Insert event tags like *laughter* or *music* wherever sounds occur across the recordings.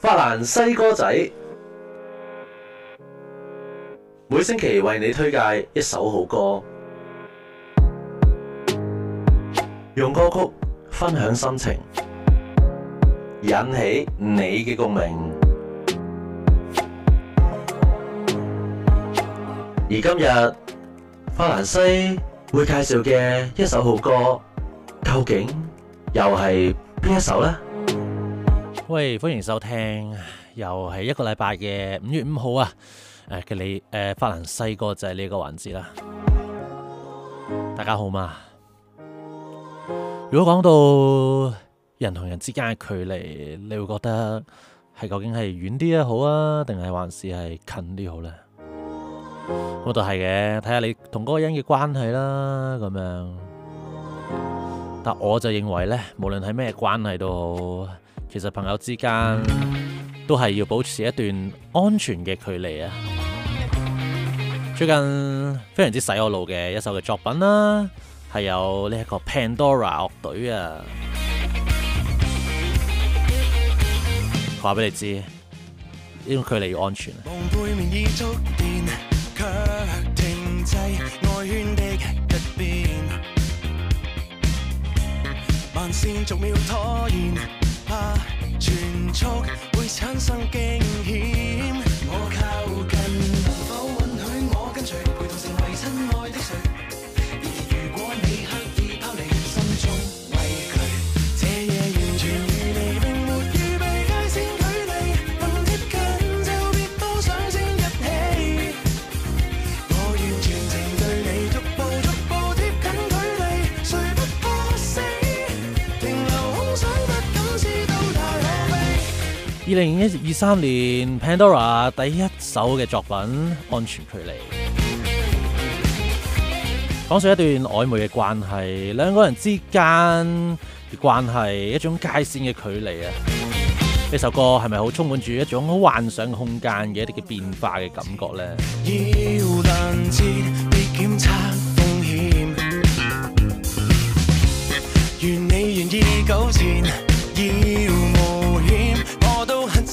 法蘭西歌仔每星期為你推介一首好歌，用歌曲分享心情，引起你嘅共鳴。而今日法蘭西會介紹嘅一首好歌，究竟又係邊一首呢？喂，歡迎收聽，又係一個禮拜嘅五月五號啊！誒，嘅你誒，法蘭西歌就係呢個環節啦。大家好嘛？如果講到人同人之間嘅距離，你會覺得係究竟係遠啲啊好啊，定係還是係近啲好呢？我都係嘅，睇下你同嗰個人嘅關係啦，咁樣。但我就認為呢，無論係咩關係都好。其實朋友之間都係要保持一段安全嘅距離啊！最近非常之洗我腦嘅一首嘅作品啦，係有呢一個 Pandora 樂隊啊！話俾你知，呢種距離要安全啊！全速會產生驚險，我靠近。二零一二三年 Pandora 第一首嘅作品《安全距離》，講述一段曖昧嘅關係，兩個人之間嘅關係，一種界線嘅距離啊！呢首歌係咪好充滿住一種好幻想空間嘅一啲嘅變化嘅感覺呢？要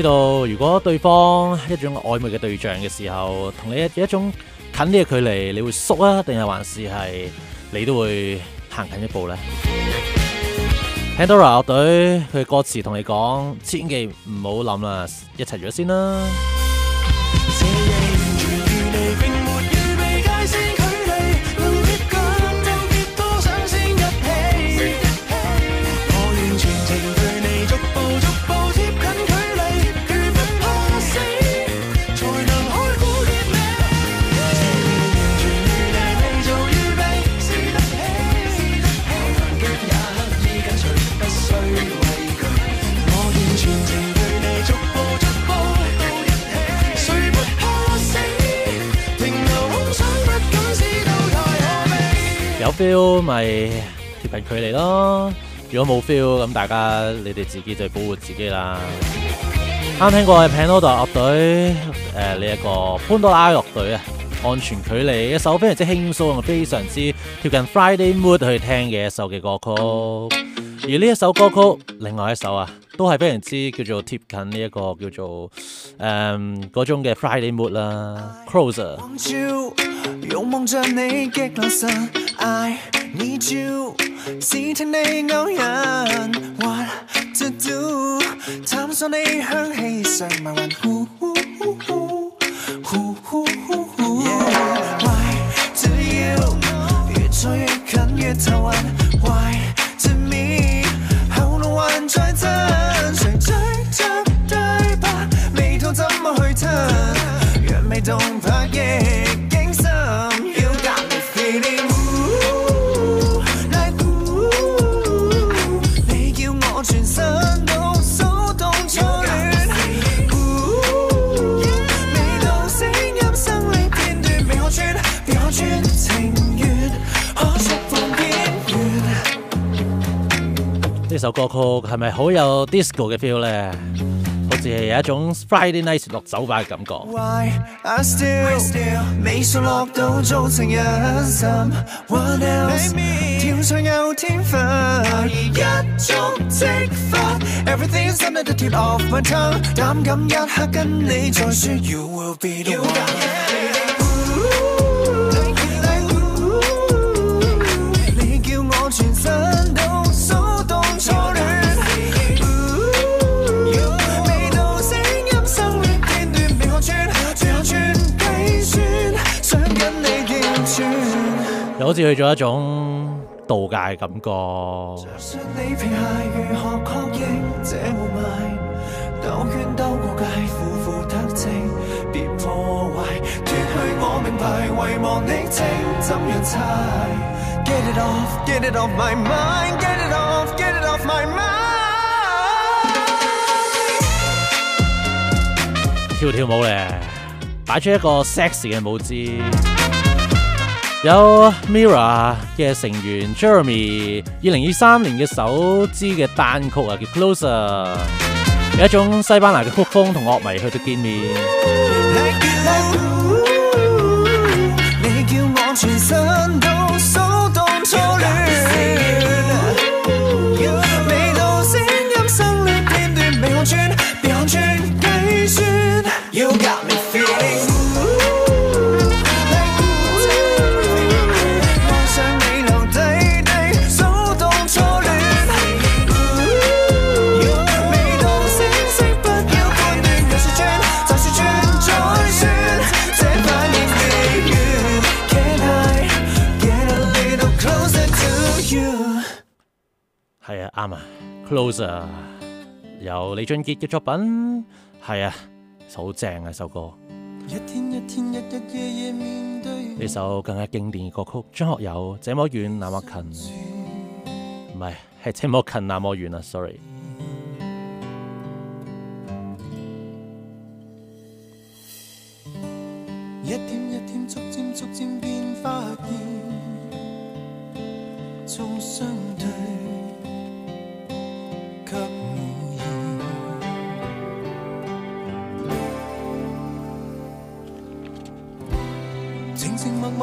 知道如果對方一種曖昧嘅對象嘅時候，同你一一種近啲嘅距離，你會縮啊，定係還是係你都會行近一步呢？Pandora 樂隊佢嘅歌詞同你講：千祈唔好諗啦，一齊咗先啦。feel 咪貼近距離咯，如果冇 feel，咁大家你哋自己就保護自己啦。啱聽過嘅 Pandora 樂隊，誒，呢一個潘多拉樂隊啊，安全距離，一首非常之輕鬆，非常之貼近 Friday mood 去聽嘅一首嘅歌曲。而呢一首歌曲，另外一首啊，都係非常之叫做貼近呢、這、一個叫做嗰、嗯、種嘅 Friday mood 啦、I，Closer。I want you, 勇歌曲係咪好有 disco 嘅 feel 呢？好似係有一種 Friday night 落酒吧嘅感覺。好似去咗一種度假嘅感覺。跳跳舞咧，擺出一個 sexy 嘅舞姿。有 Mirror 嘅成員 Jeremy，二零二三年嘅首支嘅單曲啊，叫 Closer，有一種西班牙嘅曲風同樂迷去到見面。 *music* 啱啊，Closer，由李俊杰嘅作品，係啊，好正啊首歌。呢首更加經典嘅歌曲，張學友這麼遠那麼近，唔係，係這麼近那麼遠啊，sorry。一點一點逐漸逐漸變化現，縱相對。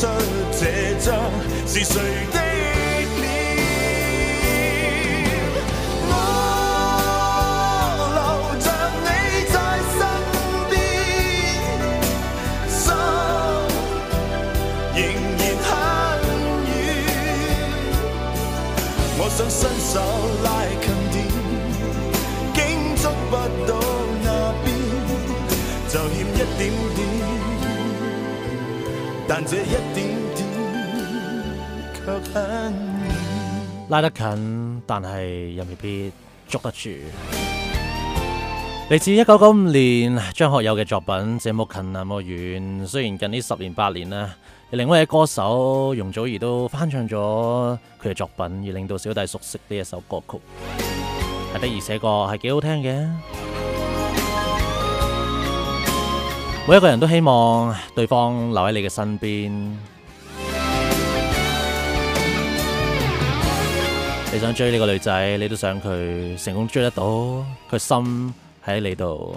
出這張是誰的？ *music* 拉得近，但係又未必捉得住。嚟自一九九五年張學友嘅作品《這麼近那麼遠》，雖然近呢十年八年啦，另外嘅歌手容祖兒都翻唱咗佢嘅作品，而令到小弟熟悉呢一首歌曲，係的而且確，係幾好聽嘅。每一個人都希望對方留喺你嘅身邊。你想追呢個女仔，你都想佢成功追得到，佢心喺你度。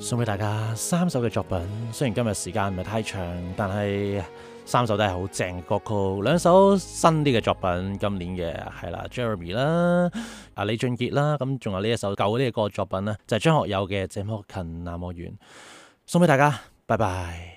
送俾大家三首嘅作品，雖然今日時間唔係太長，但係三首都係好正嘅歌曲，兩首新啲嘅作品，今年嘅係啦，Jeremy 啦、啊，阿李俊傑啦，咁、啊、仲有呢一首舊啲嘅歌的作品呢，就係、是、張學友嘅《這麼近那麼遠》，送俾大家，拜拜。